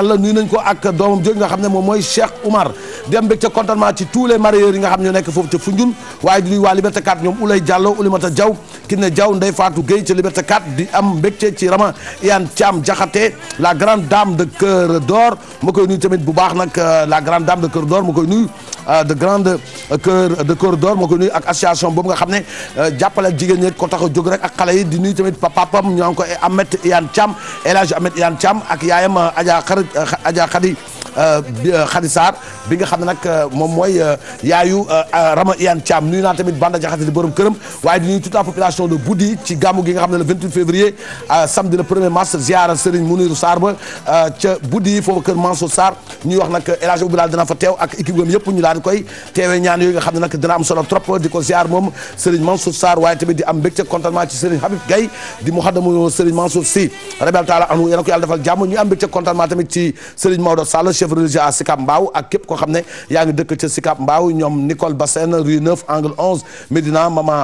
Kalla nuyu nañ ko ak doomam jooju nga xam ne moom mooy Cheikh Oumar di am mbégte contentement ci tous les mareyeurs yi nga xam ñu nekk foofu ca Foundiougne waaye di nuyu waa Liberté 4 ñoom Oulay Diallo Oulimata Diaw Kiné Diaw Ndeye Fatou Gueye ca Liberté 4 di am mbégte ci Rama Iyane Thiam Diakhaté la grande dame de Cœur d'Or ma koy nuyu tamit bu baax nag euh, la grande dame de Cœur d'Or ma koy nuyu euh, grande euh, de Cœur d'Or ma koy ak association boobu nga xam ne jàppale ak jigéen ñi ko tax a jóg rek ak xale yi di nuyu tamit papapam ñoo ngi ko Ahmed Iyane Thiam El Hadj Ahmed Iyane Thiam ak yaayam Adja Khar Adja Khady Euh, euh, Khady Sarr bi nga xam ne nag euh, moom mooy yaayu Rama Iyane Thiam nuyu naa tamit Banda Diakhaté di borom waaye di nuyu toute la population de Goudi ci gàmmu gi nga xam ne le 28 février samedi le 1er mars ziara Serigne Mounirou Sarr ba ca Goudi foofu kër Mansour Sarr ñuy wax nag El Hadj Obilal fa teew ak équipe gam yëpp ñu daal di koy teewee ñaan yooyu nga xam ne nag dina am solo trop di ko ziar moom Serigne Mansour Sarr waaye tamit di am mbégte contentement ci Serigne chef religieux à Sicap Mbao ak képp koo xam ne yaa ngi dëkk ca Sicap Mbao ñoom Nicole Bassène rue 9 angle 11 Medina Mama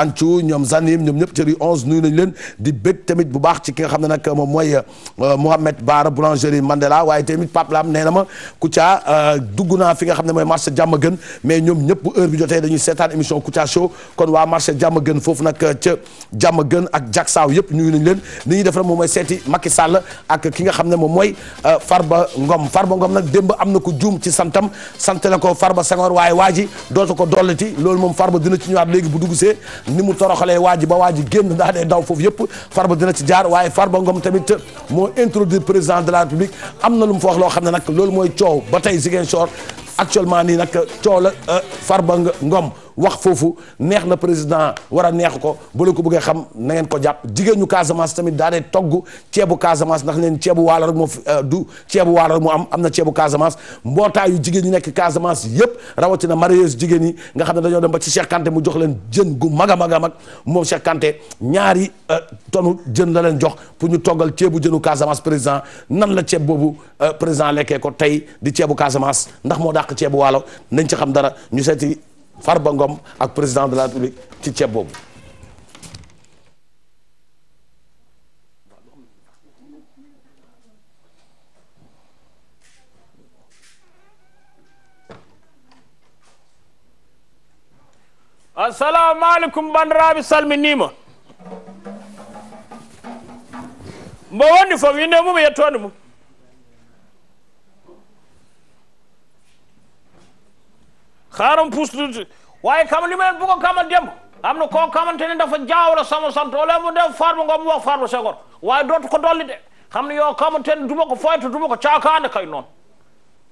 Anthou ñoom Zanim ñoom ñëpp ca rue 11 nuyu nañ leen di bëgg tamit bu baax ci ki nga xam ne moom mooy euh, Mohamed Bara boulangerie Mandela waaye tamit Pape Lam nee na ma Kouthia euh, dugg naa fi nga xam ne mooy marché jàmm gën mais ñoom ñëpp bu heure bi jotee dañuy seetaan émission Kouthia Show kon waa marché jàmm gën foofu nag euh, ca jàmm gën ak jaksaaw yëpp nuyu nañ leen li ñuy def rek mooy seeti Macky Sall ak ki nga xam ne moom mooy Farba Ngom Farba Ngom gom nag démb am na ko juum ci santam sant na ko ba Senghor waaye waa ji dootu ko dollati loolu moom far ba dina ci ñëwaat léegi bu dugusee ni mu toroxalee waa ji ba waa ji génn daa dee daw foofu yëpp Farba dina ci jaar waaye far ba Ngom tamit moo introduire président de la République am na lu mu foo wax loo xam ne nag loolu mooy coow ba tey Ziguinchor actuellement nii nag coow la far euh, Farba Ngom wax foofu neex na président war a neex ko bu la ko bëggee xam na ngeen ko jàpp jigéen ñu Casamance tamit daa dee togg ceebu Casamance ndax leen ceebu waalo rek moo euh, du ceebu waalo rek mu am am na ceebu Casamance mbootaayu jigéen ñi nekk Casamance yépp rawatina marieuse jigéen ñi nga xam ne dañoo dem ba ci Cheikh Kanté mu jox leen jën gu mag a mag a mag moom Cheikh Kanté ñaari euh, tonu jën la leen jox pour ñu toggal ceebu jënu Casamance président nan la ceeb boobu euh, président lekkee ko tey di ceebu Casamance ndax moo dàq ceebu waalo nañ ci xam dara ñu seeti Farba Ngom ak président de la République ci ceeb boobu. assalamu aleykum bandiraɓe salminima mbo wondi fof winde mum yettode mum xaaram pustu waaye kam li ma leen bëgg a am na koo xamante ne dafa jaawale sama sant wala mu def Farba Ngom mu Farba Senghor waaye dootu ko dolli de xam ne yoo xamante ne du ko foytu du ko caakaane kay noonu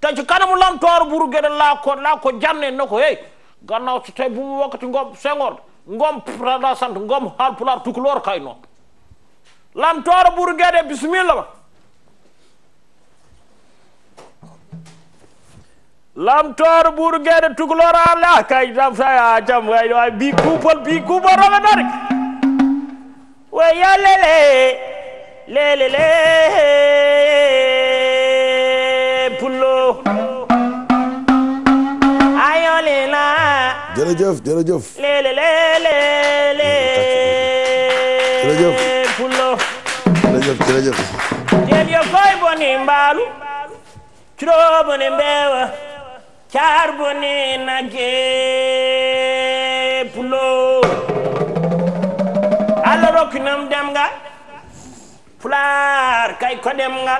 te ci kanamu lamtooru buru gede laa ko laa janne na ko hey gannaaw si tey bu mu wakkati Ngom Senghor sant Ngom Haalpulaar Tukulóor kay noonu lamtooru buru gede bismillah lamtoor buur geede tukuloor ala kay tam sa ya jam way way bi kupol bi kupol rama darik way ya lele lele le pullo ayo lela jërëjëf jërëjëf lele lele le jërëjëf pullo jërëjëf jërëjëf den yo koy boni mbaalu curo caar bu ne na gépp loo alla rokkinam dem nga fulaar kay ko dem nga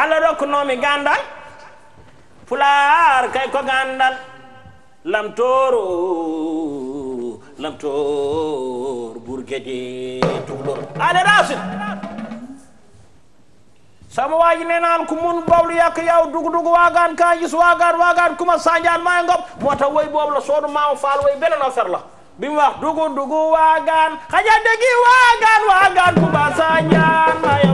alla gandal fulaar kay gandal lamtooro lamtoor burgede tuglor alla rasin sama waa ji nee naan ku mun bawlu yàq yaw dug dug waagaan kaa waagaan waagaan kuma sanjaan maa ngob moo tax woy boobu la soodu maamu faal woy beneen affaire la bi mu dugu dugu waagaan xaja degi waagaan waagaan kuma sanjaan maa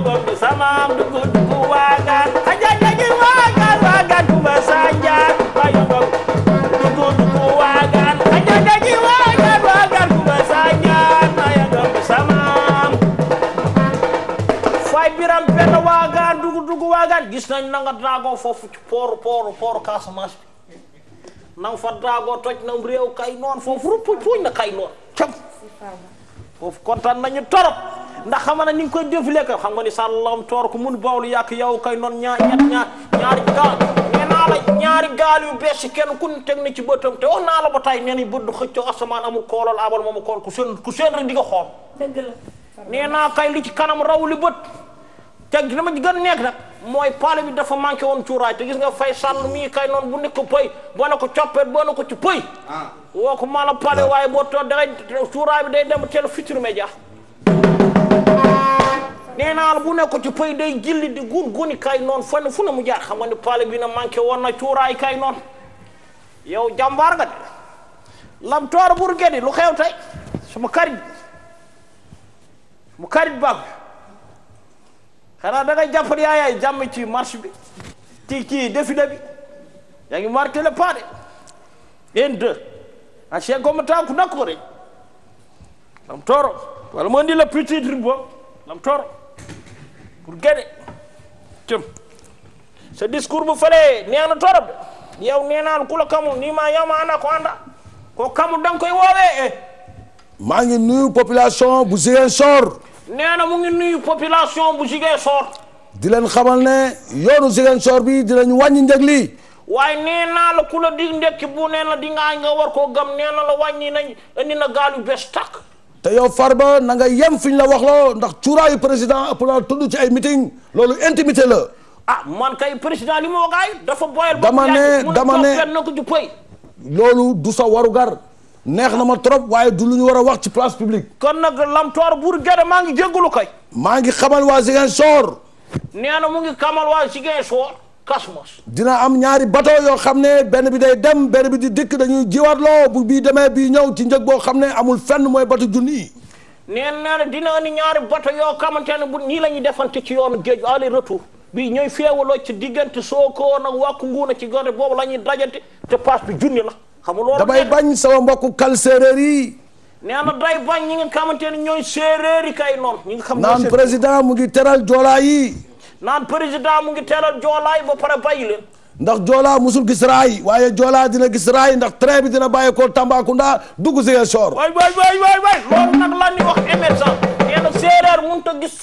gis na foofu ci pooru pooru na nga fa drago toj na réew kay noon foofu rupuj puuj na kay noon cam foofu nañu torop ndax xam na ni nga koy défilé ko xam nga ni sàllam toor ko mun bawlu yàq yow kay noon ñaar ñaar ñaari gaal nee naa la ñaari gaal yu bees yi kenn ku teg na ci bëtam te wax naa la ba tey nee nañ bët du xëccoo asamaan amul koolal abal moomu kool ku seen ku seen rek di nga xool. dëgg la nee naa kay li ci kanam raw li bët te dama gën nekk nag. mooy paale bi dafa manqué woon cuuraay te gis nga fay sàll mii kay noonu bu nekk pëy boo ne ko coppeet boo ko ci pëy ah. woo ko maa la ah. waaye boo too dangay cuuraay bi day dem teel futur média nee naa bu nekk ci pëy day jilli di gun guni kay noonu fan fu ne mu jaar xam nga ne paale bi na manqué woon na cuuraay kay noonu yow jàmbaar nga de lam toor bur gedi lu xew tey sama karit sama karit baag xanaa da ngay jàpp yaayaay jàmm ci marche bi ci ci défilé bi yaa ngi marqué le pas de un deux ancien ah, combattant ku nakkore lam toro lam toro pour guéde cëm sa discours bu fële nee na torop de yow nee naan ku la kamul nii maa yow ana ko anda ko kamul danga koy woowee maa ngi nuyu population bu Ziguinchor nee na mu ngi nuyu population bu Ziguinchor. di leen xamal ne yoonu Ziguinchor bi dinañ wàññi njëg li waaye nee naa la ku la di ndekki bu nee na di nga nga war koo gam nee na la wàññi nañ indi na gaal yu bees tàkk. te yow Farba na nga yem fi ñu la waxloo ndax cuuraayu président ëpp naa tudd ci ay meeting loolu intimité la. ah man kay président li ma wax dafa ba boyal. dama ne dama ne dama ne loolu du sa warugar. neex na ma trop waaye du lu ñu war a wax ci place publique. kon nag Lamtoor Bour Guédé maa ngi jégalu kay. maa ngi xamal waa Ziguinchor. nee na mu ngi xamal waa Ziguinchor Kasmos. dina am ñaari bateau yoo xam ne benn bi day dem benn bi di dikk dañuy jiwaatloo bu bii demee bii ñëw ci njëg boo xam ne amul fenn mooy batu junni. nee na dina ni ñaari bateau yoo xamante ne bu nii la ñuy defante ci yoonu géej aller retour. bii ñooy féewaloo ci diggante Sokone ak Wack Ngouna ci góor boobu la ñuy dajante te paas bi junni la. xam nga loolu damay bañ sama mbokku kal séeréer yi. nee na day bañ ñi nga xamante ne ñooy séeréer yi kay noonu. nga xam naan président mu ngi teral joolaa yi. naan président mu ngi teral joolaa yi ba pare bàyyi leen. ndax joolaa musul gis raay waaye joolaa dina gis raay ndax train bi dina bàyyi ko Tambacounda dugg Ziguinchor. waay waay waay waay waay loolu nag a gis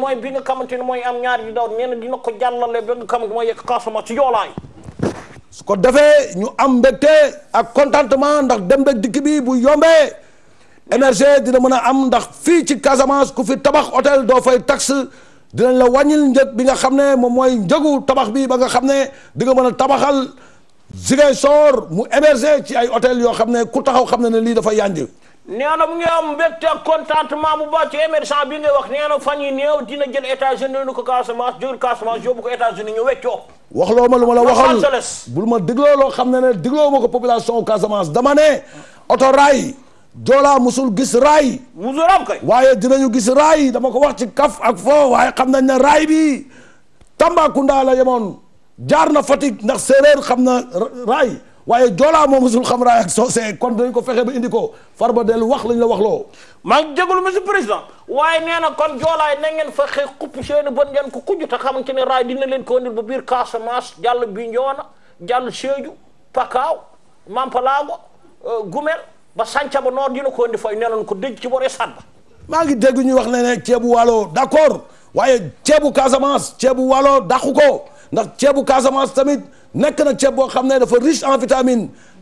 mooy bi nga ne mooy am ñaar yu daw nee na dina ko jàllale ba nga xamante mooy yegg Casamance ci joolaa su ko defee ñu am mbégte ak contentement ndax dem beeg dikk bi bu yombee énergie dina mën a am ndax fii ci Casamance ku fi tabax hôtel doo fay taxe dinañ la wàññil njëg bi nga xam ne moom mooy njëgu tabax bi ba nga xam ne di nga mën a tabaxal Ziguinchor mu héberger ci ay hôtel yoo xam ne ku taxaw xam ne ne lii dafa yanj nee na mu ngi am mbégte ak contentement bu baax ci bi ngay wax nee na fan yi néew dina jël états ko Casamance jógul Casamance yóbbu ko États-Unis ñu weccoo. waxloo ma lu ma la waxal bul ma dégloo loo xam ne ne dégloo ma ko population Casamance dama ne oto raay Joola musul gis raay. musul am kay. waaye dinañu gis raay dama ko wax ci kaf ak fo waaye xam nañ ne raay bi Tambacounda la yemoon jaar na Fatick ndax séeréer xam na raay. waaye joolaa moom musul xam raay ak soosee kon dañ ko fexe ba indi ko ba dellu wax lañ la wax loo maa ngi jégalu monsieur président waaye nee na kon joolaay na ngeen fexe xupp seeni bon ngeen ko kujj ta xamante ne raay dina leen ko indil ba biir Casamance jàll bi njoona jàll Sédhiou Pakaaw Mampalaago euh, Gumel ba Sanca ba noor dina ko indi fay nee nañ ko dëj ci boor esat ba maa ngi dégg ñuy wax ne ne ceebu wàllo d'accord waaye ceebu Casamance ceebu wàllo dàqu ko ndax ceebu Casamance tamit nekk na ceeb boo xam ne dafa riche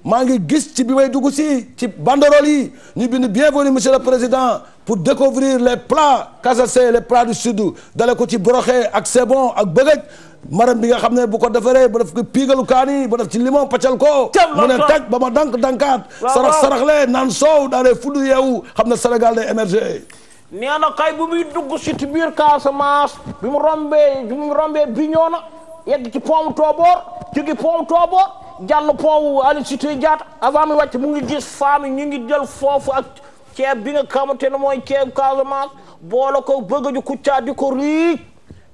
maa ngi gis ci bi may dugg si ci banderole yi ñu bind bienvenue monsieur le président pour découvrir les plats casacé les plats du sud dale ko ci broxé ak sebon ak bëgëj maram bi nga xam ne bu ko defaree ba def ko piigalu kaani ba def ci limon paccal ko mu ne taj ba ma dank dankaat sarax sarax le naan soow daale fudd yeewu xam ne Sénégal day émerger nee na kay bu muy dugg si ci biir Casamance bi mu rombee bi mu yegg ci pont wu Tooboor jóge pont wu Tooboor jàll pont wu Aline Sitoé Diatta avant mu wàcc mu ngi gis femme yi ñu ngi jël foofu ak ceeb bi nga xamante ne mooy ceeb Casamance boole ko bëgg a ju Kouthia ko riic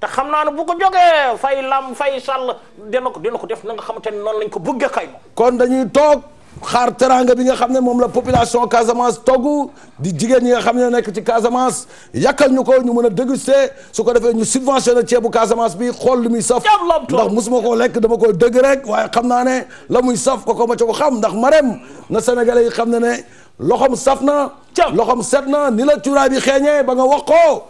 te xam naa ne bu ko jógee fay lam fay sàll dina ko dina ko def na nga xamante ne noonu lañ ko bëggee kay. kon dañuy toog. xaar teranga bi nga xam ne moom la population Casamance togg di jigéen ñi nga xam ne nekk ci Casamance yàkkal ñu ko ñu mën a déguster su ko defee ñu subventionné ceebu Casamance bi xool li lu muy saf ndax musuma koo lekk dama koy dëgg waaye xam naa ne la muy saf ko ko ma ci ko xam ndax marem na sénégalais yi xam ne ne loxom saf na loxom set na ni la cuuraay bi xeeñee ba nga wax ko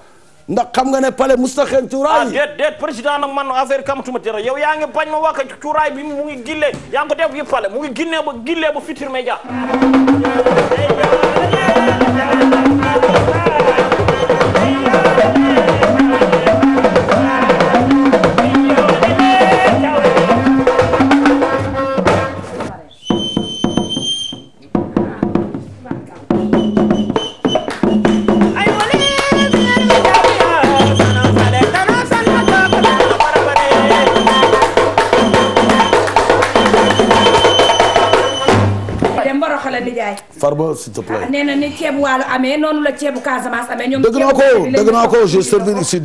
ndax xam nga ne palais mustaxeen cuuraay ah, déet déet président nag man affaire kamatuma dara yow yaa ngi bañ ma wax cuuraay bi mu ngi gillee yaa ngi ko def yi palais mu ngi gillee ba gillee ba futur média la nijaay. Farba s'il te plaît. nee na ni ceebu waalo amee noonu la ceebu Casamance amee. ñoom dëgg naa ko dëgg naa ko j'ai servi ici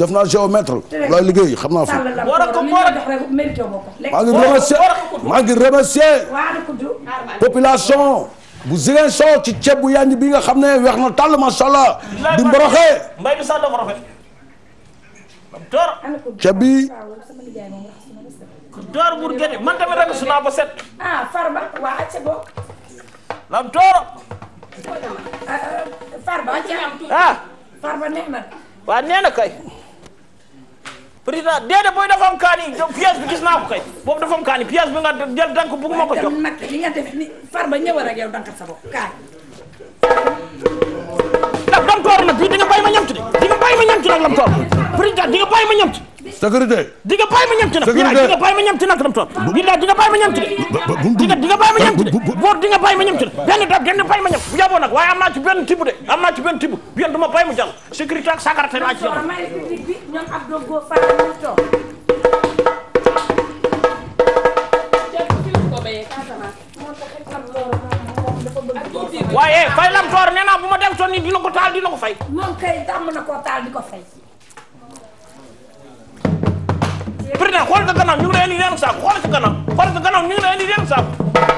liggéey xam naa fa. war a ko a maa ngi remercier maa ngi remercier population. bu Ziguinchor ci ceeb bu yànj bi nga xam ne weex na tàll macha allah. di mboroxe mbay mi sax dafa ceeb bi. door buur gerte man tamit rek su naa ba set. ah Farba waa acca lam tooro farba ci am tuuti ah farba neex na waaw nee na kay président déedéet booy dafa am kaani pièce bi gis naa ko kay boobu dafa am kaani pièce bi nga jël dank bugguma ko jox nag li nga def ni farba sa bopp kaay ndax lam tooro nag bii di nga bàyyi ma ñamtu de di nga bàyyi ma ñamtu nag lam tooro président di nga bàyyi ma ñamtu sécurité di nga bàyyi ma ñam ci nag di nga bàyyi ma ñam ci nag dam toog billaay di nga bàyyi ma ñam ci di nga di nga bàyyi ma ñam ci de boor di nga bàyyi ma ñam ci de benn dab genn bàyyi ma ñam bu yaboo nag waaye am naa ci benn tibb de am naa ci benn tibb bi yéen du ma bàyyi mu jàll sécurité ak sagarate laa ci waaye fay lam toor nee naa bu ma dem toon nii dina ko taal dina ko fay moom kay dàmm na koo taal di ko fay président xool sa kanam ñu ngi lay indi leen saako xool